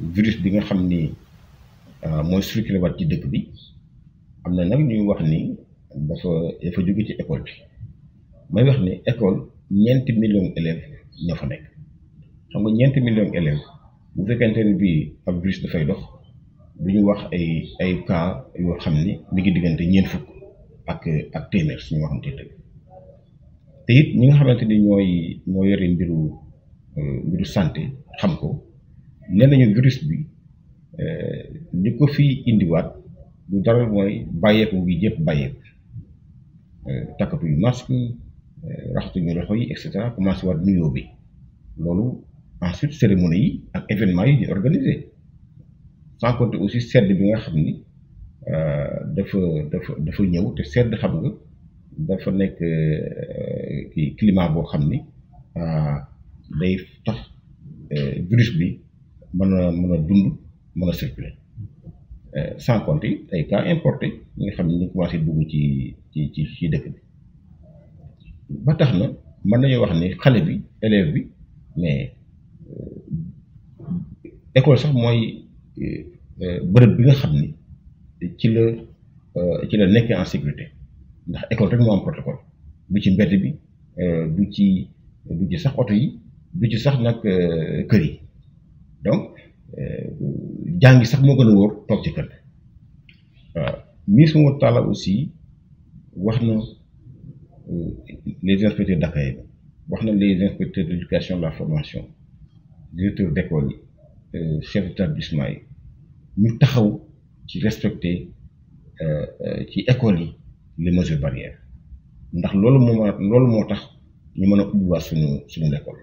virus bi nga xam ni euh, mooy circulé waat ci dëkk bi am na nag ñuy wax ni dafa dafa jóge ci école bi may wax ni école ñeenti million élèves ñoo fa nekk xam nga ñeenti million élèves bu fekkente ni bii ab virus dafay dox du ñu wax ay ay yoo xam ni mi ngi diggante ñeent fukk ak ak téeméer suñu waxante dëgg te it ñi nga xamante ni ñooy moo yore mbiru euh, mbiru santé xam ko nee nañu virus bi euh li ko fi indi indiwaat du dara moy baye ko bàyyeeku jep baye euh takkatuñu masque euh, raxatuñu loxo yi et cetera ko commencé waat nuyo bi loolu ensuite cérémonie yi ak événement yi ñu organisé sans compter aussi sedd bi nga xamni euh dafa dafa dafa ñew te sedd xam nga dafa nekk euh, kii climat boo xam ni euh, day tax virus bi mën a mën a dund mën a circuler euh, sans compter ay cas importé ñi nga xam ne ñu commencé dugg ci ci ci ci dëkk bi ba tax na mën nañu wax ni xale bi élève bi mais euh, école sax mooy euh, bërëb bi nga xam ni ci la ci la nekkee en sécurité ndax école rek moo am protocole du ci mbedd bi du du ci sax oto yi du ci sax nag kër yi donc euh, jàngi sax moo gën a wóor toog ci kër waaw ministre Talla aussi wax euh, les inspecteurs d'accueil wax les inspecteurs d'éducation, de la formation directeurs d'école yi euh, chef d'établissement yi ñu taxaw ci respecter ci école yi les mesures barrières ndax loolu moo loolu moo tax ñu mën a ubbiwaat suñu suñu école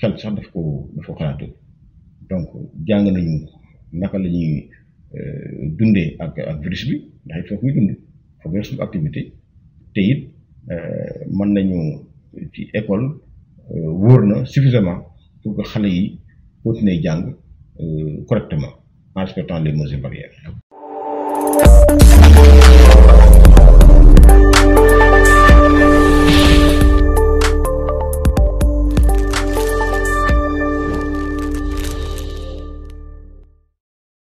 xel sax daf ko daf ko xalaatul donc jàng nañu naka la ñuy euh, dundee ak ak virus bi ndax it foog ñu dund foog yor activité te it euh, mën nañu ci école euh, wóor na suffisamment pour que xale yi continuer jàng correctement en respectant les mesures barrières